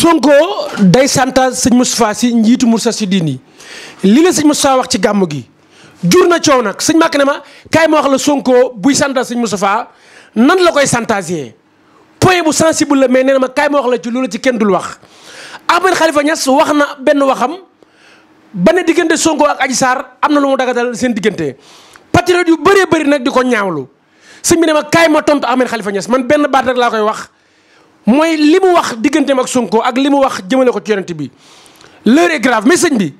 Sonko day santage sëñ Moustapha si njiitu Moustarchidine yi li la sëñ Moustapha wax ci gàmm gi jur na coow nag sëñ Màkk ne ma kaay ma wax la Sonko buy santage sëñ Moustapha nan la koy santage point bu sensible la mais nee ma kaay ma wax la ci loolu ci kenn dul wax Ahmed Khalifa Niass wax na benn waxam ba ne diggante Sonko ak Adji am na lu mu dagatal seen diggante patriote yu bëree bari nag di ko ñaawlu sëñ bi ne ma kaay ma tontu Ahmed Khalifa Niass man benn baat laa koy wax mooy li mu wax digganteem ak Sonko ak li mu wax jëmale ko ci yonent bi l'heure est grave mais sëñ bi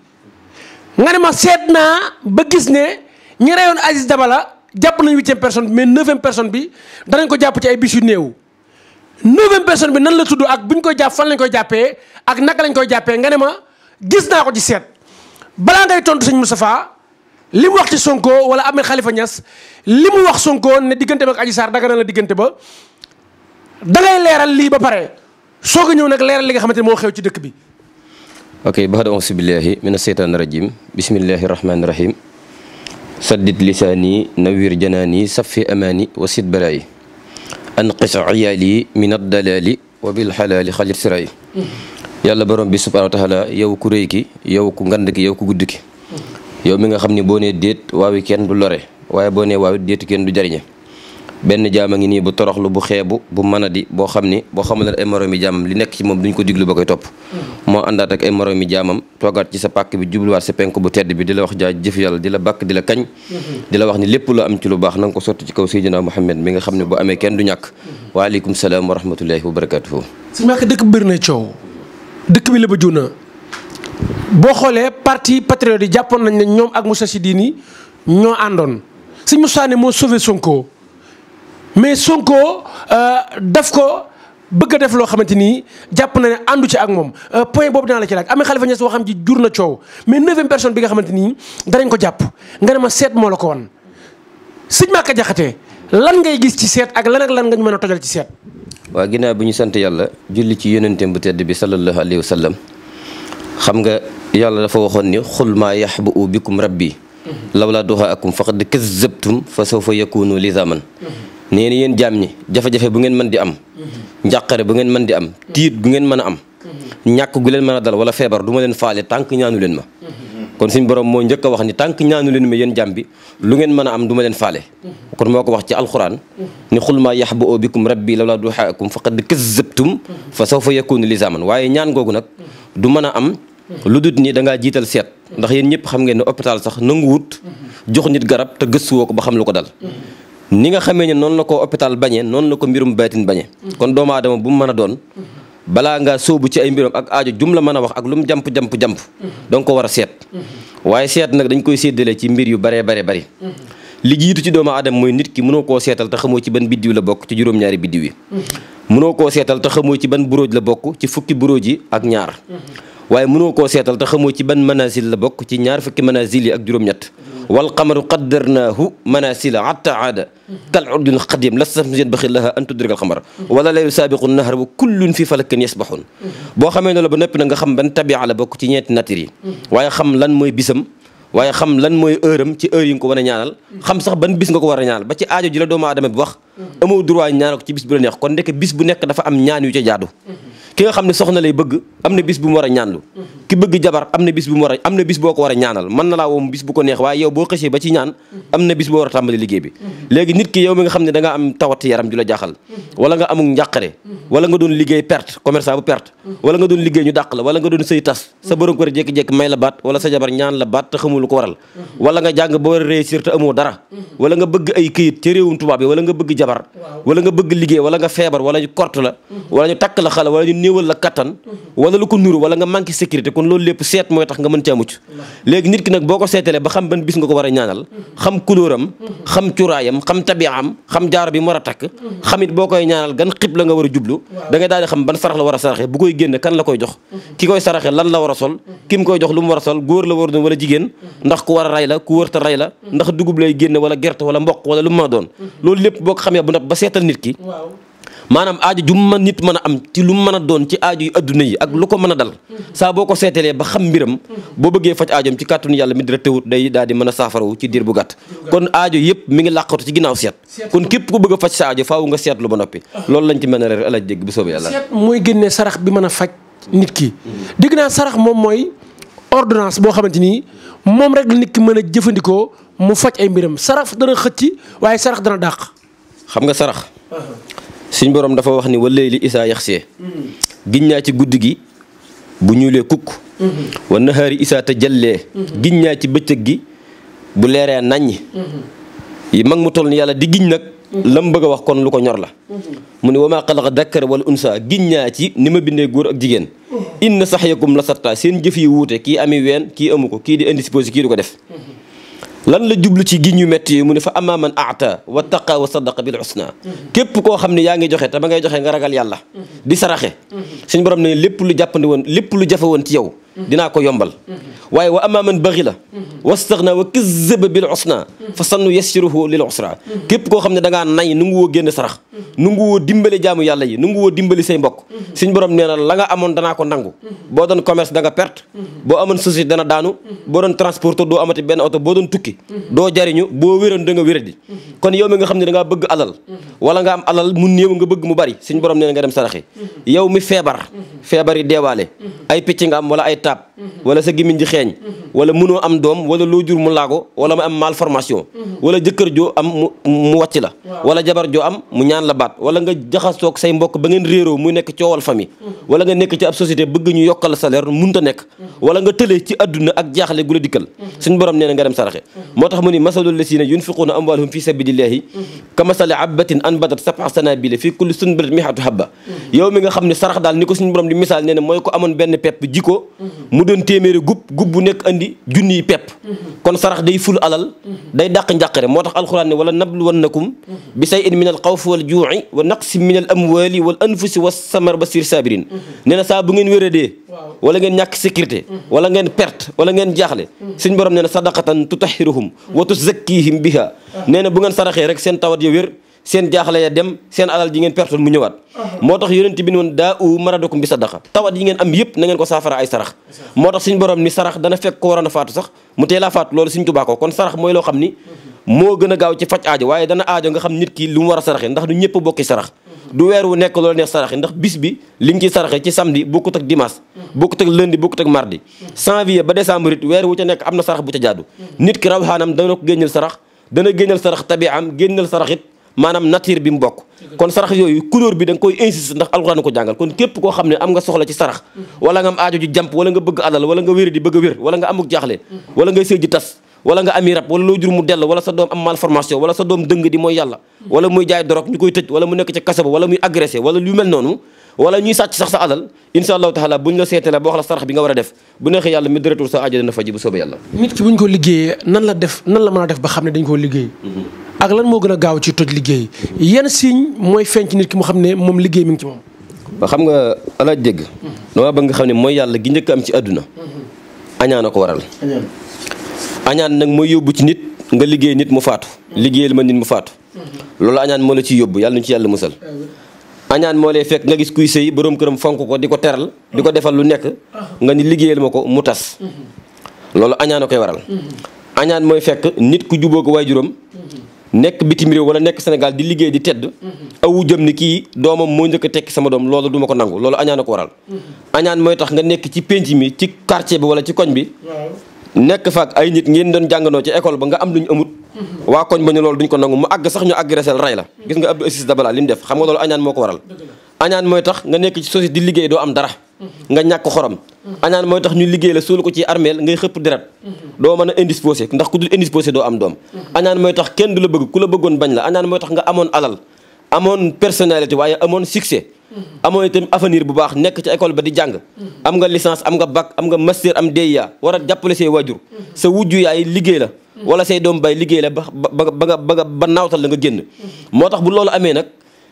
nga ne ma seet naa ba gis ne ñi reyoon Aziz Dabala jàpp nañu huitième personne bi mais neuvième personne bi danañ ko jàpp ci ay bis yu néew. neuvième personne bi nan la tudd ak buñ ñu koy jàpp fan lañ koy jàppee ak naka lañ koy jàppee nga ne ma gis naa ko ci seet balaa ngay tontu sëñ Moustapha li mu wax ci Sonko wala amee xalifa Niass li mu wax Sonko ne digganteem ak Adji Sarr daga na la diggante ba. dangay leeral lii ba pare soo ko ñëw nag leeral li nga xamante ne moo xew ci dëkk bi. ok baxda auzu billahi mina seytaani rajim bismillahi rahmaani rahim saddit lisaani nawir janaani safi amaani wasit balaayi anqis iyaali min addalaali wa bil xalaali xalit sirayi yàlla borom bi subhaanahu wa taala yow ku rëy ki yow ku ngand ki yow ku gudd ki yow mi nga xam ni boo nee déet waawi kenn du lore waaye boo nee waawi déetu kenn du jariñe benn jaam a ngi nii bu toroxlu bu xeebu bu manadi boo xam ni boo xamul ne ay moroomi jaamam li nekk ci moom duñ ko diglu ba koy topp hmm. moo àndaat ak ay moroomi jaamam toogaat ci sa pàkk bi jubluwaat sa penk bu tedd bi di la wax jaa jëf yàlla di la bàkk di la kañ hmm. di la wax ni lépp lu am ci lu baax na ko sotti ci kaw Seydina Muhammad mi nga xam ne bu amee kenn du ñàkk hmm. waaleykum salaam wa rahmatullahi wa barakatuhu su ñàkk dëkk bi bëri na coow dëkk bi la ba juna boo xoolee parti patriote yi jàppoon nañ ne ñoom ak Moussa Sidini ñoo àndoon Serigne Moussa ne moo sauvé Sonko mais Sonko euh, daf ko bëgg a def loo xamante ni jàpp na ne àndu ci ak moom euh, point boobu dinaa la ci laaj Ahmed Khalifa Niass waxam ji jur na coow mais neuvième personne bi nga xamante ni danañ ko jàpp nga seet moo la ko wan sëñ Maka Jaxate lan ngay gis ci seet ak lan lan nga mën a tojal ci seet. waaw ginnaaw bi ñu sant yàlla julli ci yonenteem bu tedd bi sallallahu alayhi wa sallam xam nga yàlla dafa waxoon ni xul maa yaxbu bikum rabbi lawlaa duhaakum faqad kazzabtum fa sawfa yakunu lizaman mm-hmm. nee na yéen jaam ñi jafe-jafe bu ngeen mën di am njàqare bu ngeen mën di am tiit bu ngeen mën a am ñàkk gu leen mën a dal wala feebar duma leen faale tànk ñaanu leen ma kon suñu borom moo njëkk a wax ni tànk ñaanu leen ma yéen jaam bi lu ngeen mën a am duma leen faale kon moo ko wax ci alxuraan ni xul maa yax bu oo bikum rabbi lawlaa duhaakum faqad kazzabtum fa sawfa yakunu lizaman waaye ñaan googu nag du mën a am lu dut ni da ngaa jiital seet ndax yéen ñëpp xam ngeen ne hôpital sax nanguwut jox nit garab te gëstuwoo ko ba xam lu ko dal ni nga xamee ne noonu la ko hôpital bañee noonu la ko mbirum baytin bañee mm-hmm. kon doomu aadama bu mu mën a doon mm-hmm. balaa ngaa sóobu ci ay mbiram ak aajo jum la mën a wax ak lu mu jàmp jamp jamp mm-hmm. danga ko war a seet waaye seet nag dañ koy séddale ci mbir yu baree bare bari li jiitu ci doomu aadama mooy nit ki mënoo koo seetal te xamoo ci ban biddiw la bokk ci juróom-ñaari biddiw yi mënoo koo seetal te xamoo ci ban buróoj la bokk ci fukki buróoj yi ak ñaar waaye mënoo koo seetal te xamoo ci ban manazil la bokk ci ñaar fukki manazil yi ak juróom-ñett wal qamaru qaddarnaahu wala la yusaabiqu nahar wa kullun fi falakin yasbaxun boo xamee ne la ba noppi na nga xam ban tabia la bokk ci ñeenti natir yi waaye xam lan mooy bisam waaye xam lan mooy heure ci heure yi nga ko war a ñaanal xam sax ban bis nga ko war a ñaanal ba ci aajo ji la doomu aadama bi wax amoo droit ñaanal ko ci bis bu la nekk dafa am ñaan yu ca jaadu ki nga xam ne soxna lay bëgg am na bis bu mu war a ñaanlu ki bëgg jabar am na bis bu mu war a am na bis boo ko war a ñaanal mën na laa woom bis bu ko neex waaye yow boo a a bëgg liggéey wala nga feebar wala ñu kort la wala ñu takk la xala wala ñu néewal la kattan wala lu ko nuru wala nga manqué sécurité kon loolu lépp seet mooy tax nga mën caa mucc léegi nit ki nag boo ko seetalee ba xam ban bis nga ko war a ñaanal xam kulóoram xam cuuraayam xam tabiaam xam jaaro bi mu war a takk xam it boo koy ñaanal gan xib la nga war a jublu da daal di xam ban sarax la war a saraxe bu koy génne kan la koy jox ki koy saraxe lan la war a sol ki mu koy jox lu mu war a sol góor la war a doon wala jigéen ndax ku war a ray la ku wërta ray la ndax dugub lay génne wala gerte wala mboq ma doon loolu lépp boo ko ba seetal nit maanaam aajo ju ma nit mën a am ci lu mu mën a doon ci aajo yi àdduna yi ak lu ko mën a dal saa boo ko seetalee ba xam mbiram boo bëggee faj aajoom ci kàttanu yàlla mi dara tëwut day daal di mën a saafarawu ci diir bu gàtt kon aajo yëpp mi ngi làqatu ci ginnaaw seet kon képp ko bëgg a faj sa aajo faawu nga seetlu ba noppi loolu lañ ci mën a reer alaaj dégg bu soobee yàlla seet mooy génne sarax bi man a faj nit ki dégg naa sarax moom mooy ordonnance boo xamante nii moom rek nit ki mën a jëfandikoo mu faj ay mbiram sarax dana xëcc waaye sarax dana dàq xam nga sarax uh-huh. suñ boroom dafa wax ni walayli isaa yaxsee giñ naa ci guddi gi bu ñuulee kukk wa nahaari isaa te jallee giñ naa ci bëccëg gi bu leeree naññ yi mag mu toll ni yàlla di giñ nag lam bëgg a wax kon lu ko ñor la mu ne wa maa xalaqa dakkar wala unsa giñ naa ci ni ma bindee góor ak jigéen inna sax yakum la sarta seen jëf yi wuute kii ami ween kii amu ko kii di indisposé kii du ko def lan la jublu ci gi ñu métti yi mu ne fa amma man aata wa taqaa wa sadaqa bil husna képp koo xam ne yaa ngi joxe te ba ngay joxe nga ragal yàlla mm-hmm. di saraxe mm-hmm. suñ borom ne lépp lu jàppandi woon lépp lu jafe woon ci yow dinaa ko yombal waaye wa ama man baxi la wastaxna wa kazzaba bil usna fa sannu yassiruhu lil usra képp koo xam ne dangaa nay nu ngu woo génn sarax nu woo dimbale jaamu yàlla yi nu woo dimbali say mbokk suñ borom nee na la nga amoon danaa ko nangu boo doon commerce da nga perte boo amoon société dana daanu boo doon transporteur doo amati benn oto boo doon tukki doo jariñu boo wéroon da nga wéradi kon yow mi nga xam ne dangaa bëgg alal wala nga am alal mu néew nga bëgg mu bari suñ borom nee nga dem saraxi yow mi étape wala sa gémmiñ ji xeeñ wala mënoo am doom wala loo jur mu laago wala mu am malformation wala jëkkër joo am mu mu la wala jabar joo am mu ñaan la baat wala nga jaxasoog say mbokk ba ngeen réeroo muy nekk coowal famille wala nga nekk ci ab société bëgg ñu yokkal salaire munta nekk wala nga tëlee ci adduna ak jaaxle gu la dikkal suñ borom nee na nga dem saraxe moo tax mu ni masalul lasina yunfiquuna amwaalahum fi sabilillahi kamasali abbatin anbatat sab'a fi kulli sunbulatin doon téeméeri gub gub nekk andi junni pepp mhm. kon sarax day ful alal mhm. day dàq njàqare moo tax alxuraan ne wala nabluwannakum mhm. bi shay'in min al xawf wal wa naqsi min al amwali wal anfusi was samar basir sabirin nee na saa bu ngeen wéradee wala ngeen ñàkk sécurité wala ngeen perte wala ngeen jaaxle suñ borom nee na sadaqatan tutahhiruhum wa tuzakkiihim biha ah. nee bu ngeen saraxee rek seen tawat ya wér seen jaaxle ya dem seen alal ji ngeen perte mu ñëwaat uh-huh. moo tax yonent bi ne woon daa u maradokum bi sadaqa tawat yi ngeen am yëpp na ko saafara sarax moo tax suñ borom ni sarax dana fekk ko waroon a faatu sax mu teel a faatu loolu suñ tubaa ko kon sarax mooy loo xam ni uh-huh. moo gën a gaaw ci faj aajo waaye dana aajo nga xam nit ki lu mu war a ndax du ñëpp bokki uh-huh. ci samedi bokkut ak dimanche bokkut ak lundi bokkut ak bu ko génneel sarax dana génneel sarax maanaam nature bi mu bokk kon sarax yooyu couleur bi da koy insiste ndax alxuraan ko jàngal kon képp koo xam ne am nga soxla ci sarax wala nga am aajo jàmp wala nga bëgg alal wala nga wéri di bëgg a wér wala nga amuk jaaxle wala ngay sëy tas wala nga ami rab wala loo jur mu dell wala sa doom am malformation wala sa doom dëng di mooy yàlla wala muy jaay dorog ñu koy tëj wala mu nekk ca kaso ba muy agressé wala lu mel noonu a a def ak lan moo gën a gaaw ci toj liggéey yan signe mooy feeñ ci nit ki mu xam ne moom liggéey mi ngi ci moom. xam nga alaaj dégg. Mm-hmm. dama bëgg nga xam ne mooy yàlla gi njëkk am ci àdduna. Mm-hmm. añaan a ko waral. añaan nag mooy yóbbu ci nit nga liggéey nit mu faatu. Mm-hmm. liggéeyal ma nit mu faatu. loolu añaan moo la ciy yóbbu yàlla ci yàlla musal. añaan moo lay fekk nga gis kuy sëy boroom këram fonk ko di ko teral di ko defal lu nekk nga ni ma ko mu tas loolu añaan koy waral mooy fekk nit ku juboo ko waajuram nekk bitim réew wala nekk Sénégal di liggéey di tedd awu jëm ni kii doomam moo njëkk a tekki sama doom loolu duma ko nangu loolu añaan ko waral añaan mooy tax nga nekk ci pénc mi ci quartier bi wala ci koñ bi nekk faak ay nit ngeen doon jànganoo ci école ba nga am lu waa koñ ba ñu loolu ko nangu mu àgg sax ñu àgg resel rey la gis nga Abdou Aziz def xam nga loolu añaan moo ko waral añaan mooy tax nga nekk ci société di liggéey doo am dara nga ñàkk xorom añaan mooy tax ñu liggéey la suul ko ci armeel ngay xëpp deret doo mën a indisposé ndax ku dul indisposé doo am doom añaan mooy tax kenn du la bëgg ku la bëggoon bañ la añaan mooy tax nga amoon alal amoon personnalité waaye amoon succès amoon itam avenir bu baax nekk ca école ba di jàng am nga licence am nga bac am nga master am DEA war a jàppale say waajur sa wujju yaay liggéey la wala say doom bay liggéey la ba ba ba nga ba nawtal la nga génn moo tax bu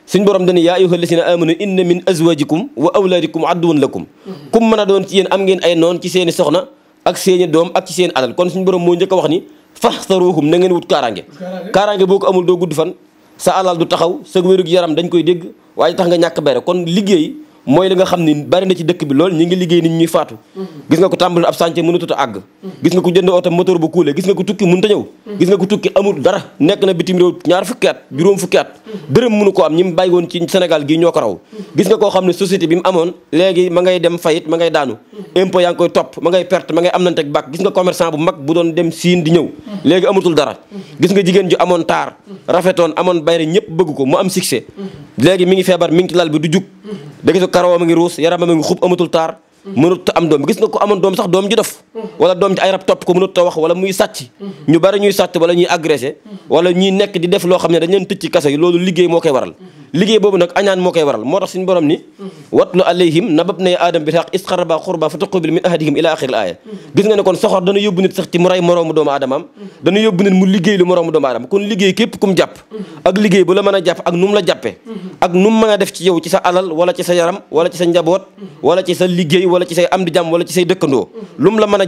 suñ borom dañu yaa ayyuha alladina amanu inna min azwajikum wa awlaadikum adduwan lakum kum mën a doon ci yéen am ngeen ay noon ci seen i soxna ak seen doom ak ci seen alal kon suñ borom moo njëkk a wax ni faxtaruhum na ngeen wut kaaraange kaaraange boo ko amul doo gudd fan sa alal du taxaw sa wérug yaram dañ koy dégg waaye tax nga ñàkk bere kon liggéey mooy li nga xam ni bari na ci dëkk bi lool ñi ngi liggéey nit ñuy faatu mm-hmm. gis nga ko tàmbali ab sànce mënatut a àgg mm-hmm. gis nga ko jënd oto moteur bu kuule gis nga ko tukki mënut a ñëw mm-hmm. gis nga ko tukki amul dara nekk na bitim réew ñaar ko am mu bàyyi woon ci Sénégal gii ñoo ko raw gis nga koo xam ne société bi mu amoon léegi ma ngay dem fayit ma ngay daanu yaa ngi koy topp ma ngay perte ma ngay am nante ak bàkk gis nga commerçant bu mag bu doon dem siin di ñëw léegi amatul dara gis nga jigéen ji amoon taar rafetoon amoon bayre ñëpp bëgg ko mu am succès léegi mi ngi feebar mi ngi ci lal bi du jug karawam a ngi ruus yaramam a ngi xub amatul taar mm-hmm. mënut am doom gis nga ko doom sax doom ju dof wala doom ci ay rab topp ko mënut ta wax wala muy sàcc mhm. ñu bari ñuy sàcc wala ñuy agressé mhm. wala ñuy nekk di def loo xam ne dañ leen tëj ci kaso yi loolu liggéey moo koy waral mhm. liggéey boobu nag añaan moo koy waral moo tax suñu borom ni watlu alayhim nabab nay aadama bi xaq isxaraba xurba fa taqubila min ahadihim ila axiril aaya gis nga ne kon soxor dana yóbbu nit ak liggéey la a jàpp ak nu la jàppee ak nu mën a def ci yow ci sa alal wala ci sa yaram wala ci sa njaboot a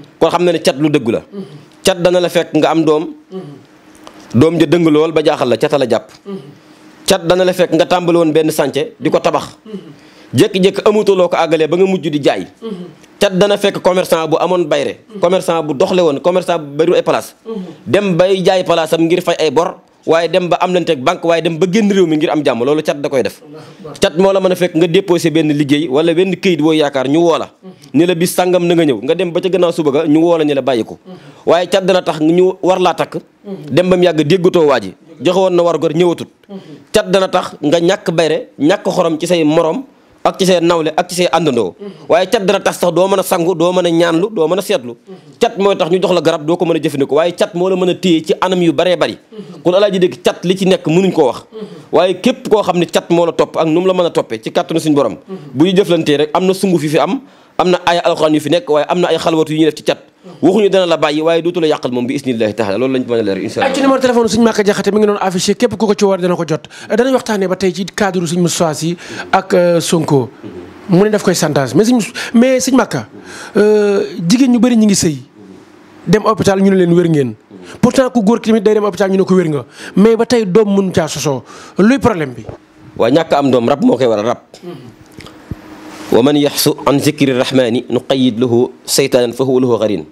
kon xam na ne cat lu dëgg la cat dana la fekk nga am doom doom ja dëng lool ba jaaxal la cata a jàpp cat dana la fekk nga tàmbale woon benn sànce di ko tabax jékki-jékki amutuloo ko àggalee ba nga mujj di jaay cat dana fekk commerçant bu amoon bayre commerçant bu doxle woon commerçant bu bariwul ay place dem bay jaay place am ngir fay ay bor waaye dem ba am lanteeg banque waaye dem ba génn réew mi ngir am jàmm loolu cat da koy def cat moo la mën a fekk nga déposé benn liggéey wala benn këyit boo yaakaar ñu woo ni bi bis sàngam na nga ñëw nga dem ba ca gannaaw suba ga ñu woo la ni la bàyyi ko waaye cat dana tax ñu war laa takk dem ba mu yàgg déggatoo waa ji joxe woon na war gor ñëwatut cat dana tax nga ñàkk bayre ñàkk xorom ci say morom ak ci say nawle ak ci say àndandoo waaye cat dana tax sax doo mën a sangu doo mën a ñaanlu doo mën a seetlu cat mooy tax ñu jox la garab doo ko mën a jëfandikoo waaye cat moo la mën ci anam yu baree bari kon alaaji dégg cat li ci nekk mënuñ koo wax waaye képp koo xam ne cat moo la topp ak nu mu la mën a toppee ci kàttanu suñu borom bu ñu jëflantee rek am na sunguf yu fi am am na ay alxuraan yu fi nekk waaye am na ay xalwatu yu ñu def ci cat waxuñu dana la bàyyi waaye dootu la yàqal moom bi isnillahi taala loolu lañ mën a leer incha allah ci numéro téléphone suñu Maka Jaxate mi ngi doon affiché képp ku ko ci war dana ko jot danañ waxtaanee ba tey ci cadre suñu Moustapha Sy ak euh, Sonko mu ne def koy santage mais suñ mais suñ Maka euh, jigéen ñu bëri ñu ngi sëy dem hôpital ñu ne leen wér ngeen pourtant ku góor ki tamit day dem ne ko wér mais ba tey doom mënu caa sosoo luy problème bi waa ñàkk am doom rab moo koy waral rab wa man yaxsu an zikri rahmaani nu qayid lahu seytaanan fa huwa lahu xarin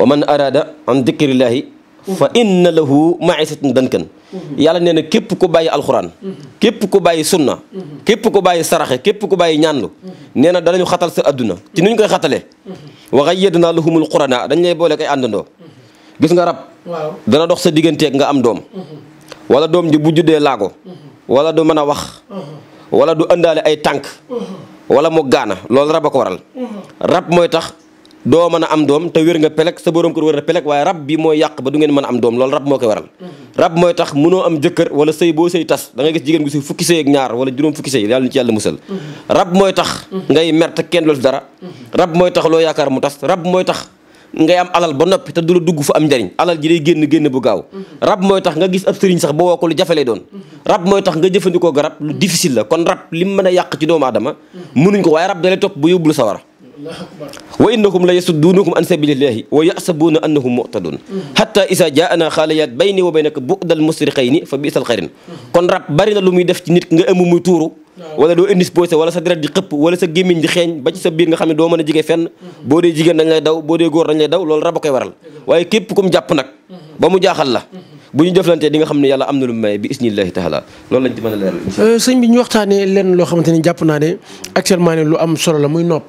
wa man araada an zikrillaahi fa inna lahu maisatan dankan yàlla nee na képp ku bàyyi alxuraan képp ku bàyyi sunna képp ku bàyyi saraxe képp ku bàyyi ñaanlu nee na danañu xatal sa adduna ci nuñ koy xatalee wa xayyadnaa lahumul qurana dañ lay boole koy àndandoo gis nga rab dana dox sa digganteeg nga am doom wala doom ji bu juddee laago wala du mën a wax wala du ëndaale ay tànk wala mu gaana loolu rab a ko waral rab mooy tax doo man a am doom te wér nga pelek sa borom kër wér na pelek waaye rab bi mooy yàq ba du ngeen mën a am doom lool rab moo koy waral rab mooy tax mënoo am jëkkër wala sëy boo sëy tas da ngay gis jigéen gu si fukki sëy ñaar wala juróom fukki sëy yàlla ñu ci yàlla musal rab mooy tax ngay mer kenn loolu dara rab mooy tax loo yaakaar mu tas rab mooy tax ngay am alal ba noppi te du la dugg fu am njariñ alal ji day génn génn bu gaaw mhm. rab mooy tax nga gis ab sëriñ sax ba woo ko lu jafe lay doon mhm. rab mooy tax nga jëfandikoo garab lu difficile la kon rab li mu a yàq ci doomu aadama mhm. mënuñ ko waaye rab dalay topp bu yóbbul sawara wa innahum la yasudduunakum an sabilillahi wa yasabuuna annahum muhtadun hatta isa jaana xaaliyaat bayni kon rab bari lu muy def ci nit nga ëmb muy tuuru wala doo indisposé wala sa deret di xëpp wala sa gémmiñ di xeeñ ba ci sa biir nga xam ne doo mën a jigee fenn boo dee jigéen dañ lay daw boo dee góor dañ lay daw loolu rab a ba mu jaaxal la bu ñu jëflantee di nga xam ne yàlla am na lu may bi isnillahi taala loolu lañ ci a leeral euh, sëñ bi ñu la muy nopp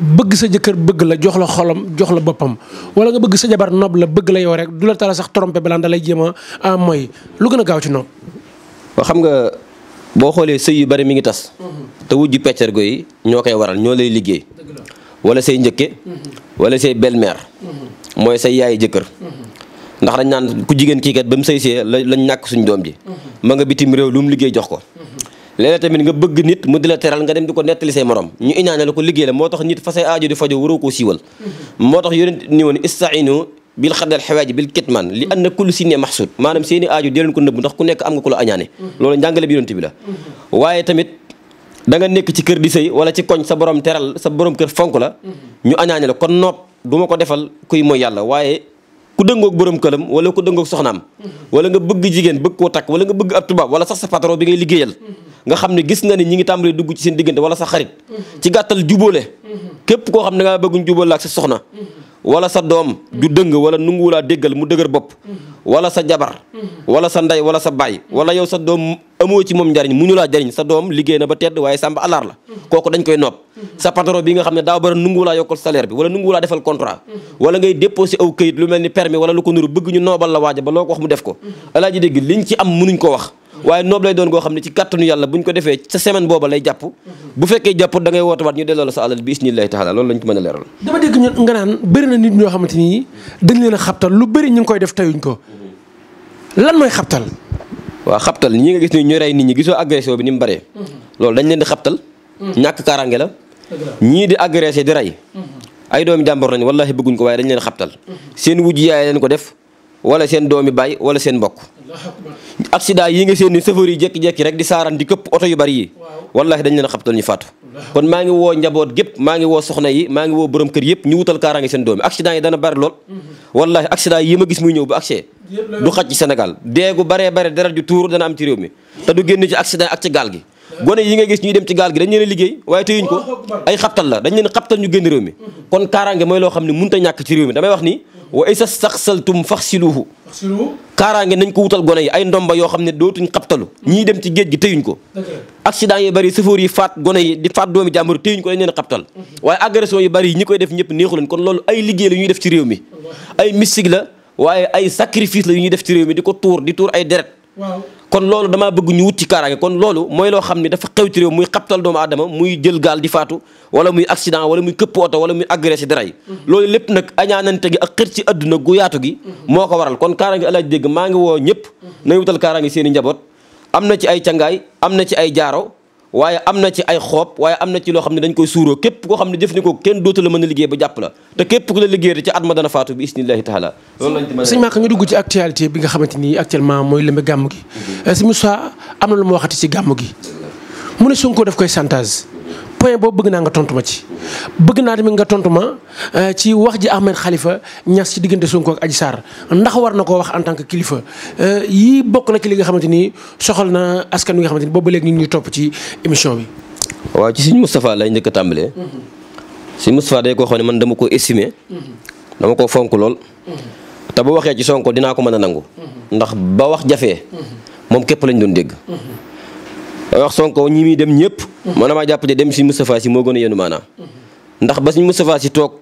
bëgg sa jëkkër bëgg la jox la xolam jox la boppam wala nga bëgg sa jabar nopp la bëgg la yow rek du la tala sax trompé balaan da lay jéem a mooy lu gën a gaaw ci nopp waaw xam boo xoolee sëy yu bari mi ngi tas mhm. te wujju peccargo yi ñoo koy waral ñoo lay liggéey wala say njëkke mhm. wala say belle-mère mhm. mooy say yaay jëkkër ndax dañ naan ku jigéen kii ba mu sëy see lañ ñàkk suñ doom ji ma nga bitim réew lu mu liggéey jox ko léeg-léeg tamit nga bëgg nit mu di la teral nga dem di ko nettali say morom ñu inaane la ko liggéey la moo tax nit fa say aajo di fajo waroo koo siiwal moo tax yonent ni woon istainu bil xaddal xewaaji bil kitman li anna kullu sinne maxsud maanaam seeni aaju di leen ko nëbb ndax ku nekk am nga ku añaane loolu njàngale bi yonent bi la waaye tamit da nekk ci kër di sëy wala ci koñ sa borom teral sa borom kër fonk la ñu añaane la kon nopp du ma ko defal kuy mooy yàlla waaye ku dëngoog borom këram wala ku dëngoog soxnaam wala nga bëgg jigéen bëgg koo takk wala nga bëgg ab tubaab wala sax sa patron bi ngay liggéeyal nga xam ne gis nga ni ñi ngi tàmbalee dugg ci seen diggante wala sa xarit ci gàttal jubóole képp koo xam ne ngaa bëgguñ jubal ak sa soxna wala sa doom ju dëng wala nunguwulaa déggal mu dëgër bopp wala sa jabar wala sa ndey wala sa baay wala yow sa doom amoo ci moom njariñ muñu laa jariñ sa doom liggéey na ba tedd waaye sàmba alaar la dañ koy nopp bi nga xam ne daaw bara nunguwulaa yokkal salaire bi wala nunguwulaa defal contrat wala ngay déposé aw lu mel ni permis wala lu ko bëgg ñu noobal la waaja ba loo ko wax mu def ko alaaji dégg liñ ci am nuñ ko wax waaye noob lay doon goo xam ne ci kàttanu yàlla bu ñu ko defee sa semaine booba lay jàpp bu fekkee jàpp da ngay woote waat ñu sa alal bi isnillahi loolu lañ ko a leeral dama dégg ñu nga naan bëri na nit ñoo xamante nii a lu bëri ñu koy def tayuñ ko lan mooy xabtal waaw xabtal ñi nga gis ni ñooy rey nit ñi gisoo agression bi ni mu bëree loolu dañ leen di xabtal ñàkk kaaraange la ñii di agressé di rey ay doomi jàmbor nañ wallahi bëgguñ ko waaye dañ leen xabtal seen wujj yaay leen ko def wala seen doomi baay wala seen mbokk accident yi nga seen ni safar yi jékki-jékki rek di saaraan di këpp oto yu bari yi wallahi dañ leen a xabtal ñu faatu kon ngi woo njaboot gépp maa ngi woo soxna yi maa ngi woo borom kër yëpp ñu wutal kaaraange seen doomi accident yi dana bari lool mhm. yi ma gis muy ñëw bu accès du xaj ci Sénégal deegu baree bare deret ju tuur am ci réew mi génn ci accident ak ci gaal gi gone yi nga gis ñuy dem ci gaal gi dañ leen liggéey waaye teyuñ ko ay xabtal la dañ leen ñu génn réew mi mhm. kon kaaraange mooy loo xam ne mun a ñàkk ci réew mi damay wax ni wa isa saxsaltum faxsiluhu kaaraange nañ ko wutal gone yi ay ndomba yoo xam ne dootuñ xabtalu ñii dem ci géej gi tëyuñ ko accident yi bari sëfoor yi faat gone yi di faat doomi jàmbur tëyuñ ko mhm. ñi koy def ñëpp neexu leen kon loolu ay liggéey la ñuy def ci réew mi ay mystique la waaye ay sacrifice la yu ñuy def ci réew mi di ko tuur di tuur ay deret waaw kon loolu damaa bëgg ñu wut ci kaaraange kon loolu mooy loo xam ne dafa xew ci réew muy xaptal doomu adama muy jël gaal di faatu wala muy accident wala muy këpp oto wala muy agressé dara yi mm-hmm. loolu lépp nag añaanante gi ak xër ci adduna guyaatu gi mm-hmm. moo ko waral kon kaaraange alaaj dégg maa ngi woo ñëpp mm-hmm. nañu wutal kaaraange seen njaboot am na ci ay cangaay am na ci ay jaaro waaye am na ci ay xoob waaye am na ci loo xam ne dañ koy suuroo képp koo xam ne jëfandikoo kenn dootu la mën a liggéey ba jàpp la te képp ku la liggéey ci at ma dana faatu bi isnillahi taala loolu lañ ci mën a dugg ci actualité bi nga xamante ni actuellement mooy lëmbe gàmm gi mhm. euh, si Moussa am na lu ma waxati si gàmm gi mu ne Sonko daf koy chantage point boobu bëgg naa nga tontu ma ci. bëgg naa tamit nga tontu ma euh, ci wax ji Ahmed Khalifa ñas ci diggante Sonko ak Adji Sarr ndax war na koo wax en tant que kilifa euh, yi bokk na ci li nga xamante ni soxal na askan wi nga xamante ni boobu léegi ñu ngi topp ci émission bi. waaw ci suñu Moustapha lay njëkk a tàmbalee. suñu Moustapha day ko xam ne man dama ko estimer. dama ko fonk lool. te bu waxee ci Sonko dinaa ko mën a nangu. ndax ba wax jafee. moom képp lañ doon dégg. wax Sonko ñi muy dem ñëpp. Mhm. man damaa jàpp ne dem si Moustapha Sy moo gën a yéenu maanaam. Mhm. ndax ba si Moustapha Sy toog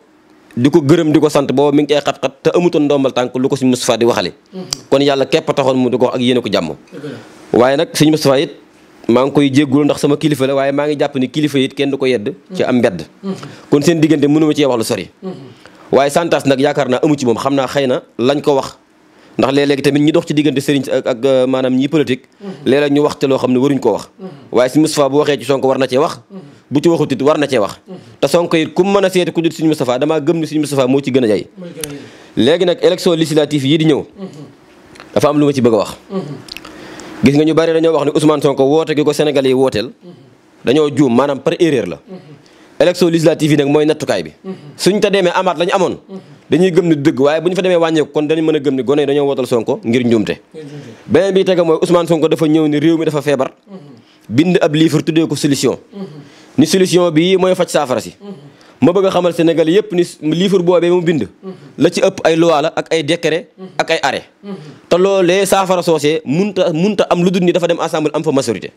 di ko gërëm di ko sant booba mi ngi cay xat-xat te amutoon di waxale. Mhm. kon yàlla képp taxoon mu di ko wax ak yéene ko jàmm. waaye nag suñu Moustapha it maa ngi koy jéggul ndax sama kilifa la waaye maa ngi jàpp ni kilifa it kenn du ko yedd. ci am mbedd. kon seen diggante mënuma cee wax lu sori. waaye santas nag yaakaar naa amu ci moom xam naa xëy na lañ ko wax ndax léeg-léegi tamit ñi dox ci diggante sëriñ ak ak euh, maanaam ñi politique mm-hmm. léeg ñu waxte loo xam ne waruñ koo wax mm-hmm. waaye si Moustapha bu waxee ci Sonko war na cee wax mm-hmm. bu ci waxut it war na cee wax te Sonko it ku mën a seeti ku dul suñu Moustapha damaa gëm ni suñu Moustapha moo ci gën a jay léegi nag élection législative yii di ñëw dafa am lu ma ci bëgg a wax gis nga ñu bari dañoo wax ne Ousmane Sonko woote gi ko Sénégal yi wooteel dañoo juum maanaam par erreur la élection législative yi nag bi suñ ta demee amaat lañ dañuy gëm ni dëgg waaye bu ñu fa demee wàññeeku kon dañu mën a gëm ni gone yi dañoo wootal Sonko ngir njuumte beneen bi tege mooy Ousmane Sonko dafa ñëw ni réew mi dafa feebar bind ab livre tuddee ko solution ni solution bi mooy faj saafara si ma bëgg a xamal Sénégal yëpp ni livre boobee mu bind la ci ëpp ay loi la ak ay décret ak ay arrêt te loolee saafara soosee munta munta am lu dul ni dafa dem assemblée am fa majorité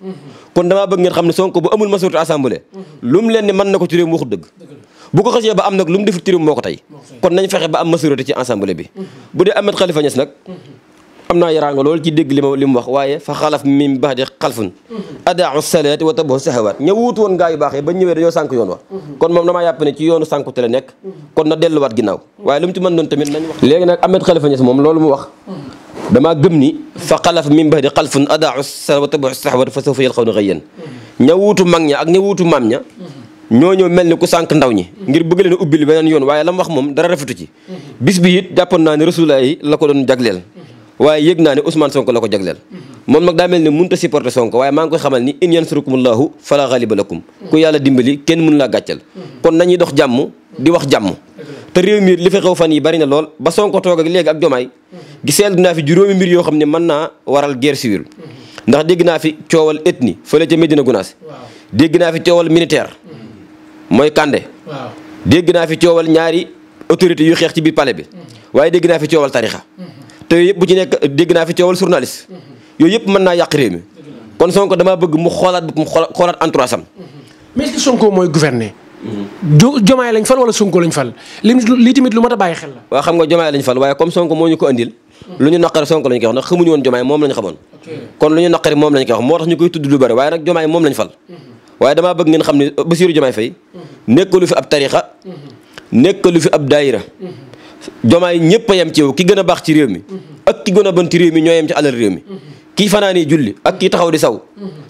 kon damaa bëgg ngeen xam ne ko ci réew bu ko xasee ba am nag lu mu tirim moo ko kon nañ fexe ba am majorité ci assemblée bi bu dee Ahmed Khalifa Niass nag am naa yaraanga loolu ci dégg li ma li mu wax waaye fa xalaf min ba'di xalfun adaa'u salaati wa tabahu sahawaat ña wuut woon gaa yu ba ñëwee dañoo sànk yoon wa kon moom damaa yàpp ne ci yoonu sànku te la nekk kon na ña ak ña maam ña ñoo ñooñu mel ni ku sànq ndaw ñi ngir bëgg leen ubbi ubbil beneen yoon waaye lam wax moom dara rafetu ci bis bi it jàppoon naa ne Rasulullah yi la ko doon jagleel waaye yëg naa ne Ousmane Sonko la ko jagleel moom nag daa mel ni mënut a supporter Sonko waaye maa ngi koy xamal ni in yansurkumullaahu fala ghaliba lakum ku yàlla dimbali kenn mënu laa gàcceel kon nañuy dox jàmm di wax jàmm te réew mi li fa xew fan yi bari na lool ba sonk toog ak léegi ak jomaay giseel dinaa fi juróomi mbir yoo xam ne mën naa waral guerre civile ndax dégg naa fi coowal ethnie fële ca Médina Gounass dégg naa fi coowal militaire mooy Kandé. waaw dégg naa fi coowal ñaari autorité yu xeex ci biir palais bi. Mm-hmm. waaye dégg naa fi coowal tarixa mm-hmm. te yooyu yëpp bu ci nekk dégg naa fi coowal journaliste. Mm-hmm. yooyu yëpp mën naa yàq réew mi. kon Sonko damaa bëgg mu xoolaat mu xoolaat entourage jomaay a bàyyi xel la. waaw xam nga jomaay lañ fal waaye comme Sonko moo ñu ko andil. moom lañ xamoon. kon lu ñu naqari moom lañ koy moo tax ñu koy tudd lu bari waaye nag jomaay moom lañ fal. waaye damaa bëgg ngeen xam ne Bassirou Diomaye Faye nekkalu fi ab tarixa nekkalu fi ab daayira Diomaye ñëpp a ci yow ki gën a baax ci réew mi ak ki gën a bon ci réew mi ñoo yem ci alal réew mi ki fanaani julli ak kii taxaw di saw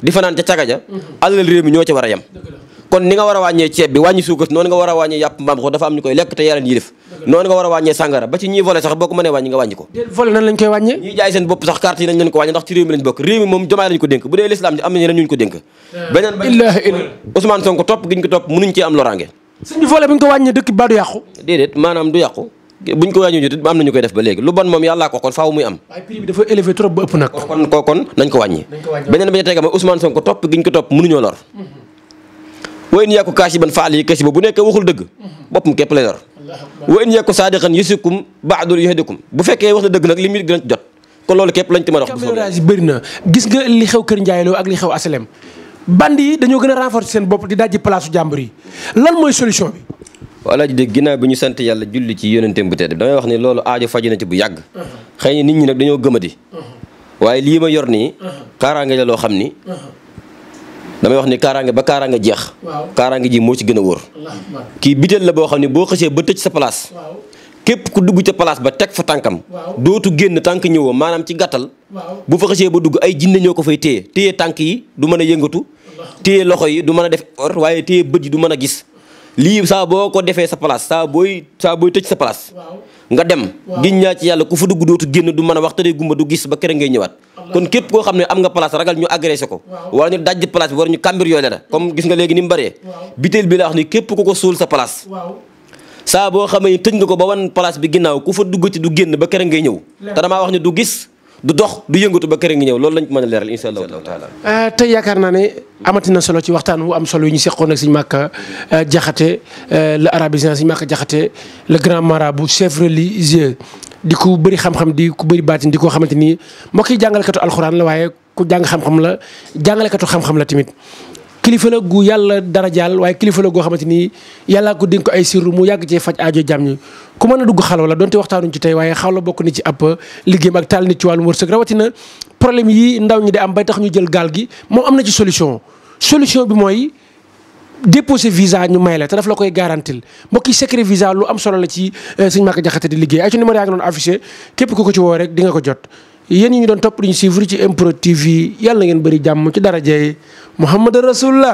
di fanaan ca cagaja alal réew mi ñoo ci war a yem kon ni nga war a wàññee ceeb bi wàññi suukar noonu nga war a wàññee yàpp mbaam xuux dafa am ñu koy lekk te yaran yi def noonu nga war a wàññee sàngara ba ci ñiy volé sax boo ko mënee wàññi nga wàññi ko volé nan lañ koy wàññee ko moom jomaay lañ ko dénk bu dee lislaam ji topp giñ ko topp mënuñ ci lor mm-hmm. wa in yàkku kaasiban fa alayhi kaasiba bu nekkee waxul dëgg boppam képp la yor wa in yàkku saadiqan yusikum baadul yuhdikum bu fekkee wax na dëgg nag li muy dinañ a a bi ñu sant yàlla julli ci yonenteem bu tedd damay wax ni loolu aajo faju bu yàgg uh-huh. xëy nit ñi nag dañoo gëmadi uh-huh. waaye lii ma yor nii uh-huh. kaaraange la xam ni damay wax ni kaaraange ba kaaraange jeex. kaaraange ji moo ci gën a wóor. kii biteel la boo xam ne boo xësee ba tëj sa place. képp ku dugg ca place ba teg fa tànkam. dootu génn tànk ñëwoo maanaam ci gàttal. bu fa xësee ba dugg ay jinne ñoo ko fay téye téye tànk yi du mën a yëngatu. téye loxo yi du mën a def or waaye téye bët yi du mën a gis. lii saa boo ko defee sa place saa booy saa booy tëj sa place. nga dem. giñ ñaa ci yàlla ku fa dugg dootu génn du mën wax te day du gis ba kere ngay ñëwaat. kon képp koo xam ne am nga place ragal ñu agressé ko wala ñu dajj place bi wala ñu kàmbir yooyu la comme gis nga léegi ni mu bëree biteel bi la wax ni képp ku ko suul sa place saa boo xamee tëj nga ko ba wan place bi ginnaaw ku fa dugg ci du génn ba kër ngay ñëw te damaa wax ne du gis du dox du yëngatu ba kër ngi ñëw loolu lañ ko mën a leeral incha allahu taala. Euh, tey yaakaar naa ne amati na solo ci waxtaan wu am solo yi ñu seqoon ak Serigne Maka euh, Diakhaté euh, le arabisant Serigne Maka Diakhaté le grand marabout chef religieux di ku bëri xam-xam di ku bëri baatin di koo xamante ni mbokk yi jàngalekatu alxuraan la waaye ku jàng xam-xam la jàngalekatu xam-xam la tamit. kilifa la gu yàlla dara jaal waaye kilifa la goo xamante ni yàllaa ko dénk ko ay sirru mu yàgg cee faj aajo jàmm ñi ku mën a dugg xalaw la donte waxtaanuñ ci tey waaye xaw la bokk ni ci ab liggéeyam ak taal nit ci wàllum wërsëg rawatina problème yi ndaw ñi di am bay tax ñu jël gaal gi moom am na ci solution solution bi mooy déposer visa ñu may la te daf la koy garantil mbokki secret visa lu am solo la ci euh, sëñ Maka Jaxate di liggéey ay ci numéro yaa ngi doon affiché képp ku ko ci woo rek di ko jot yéen ñi ñu doon topp di ñu suivre ci MPROD TV yàlla ngeen bëri jàmm ci darajey Muhammad Rasulullah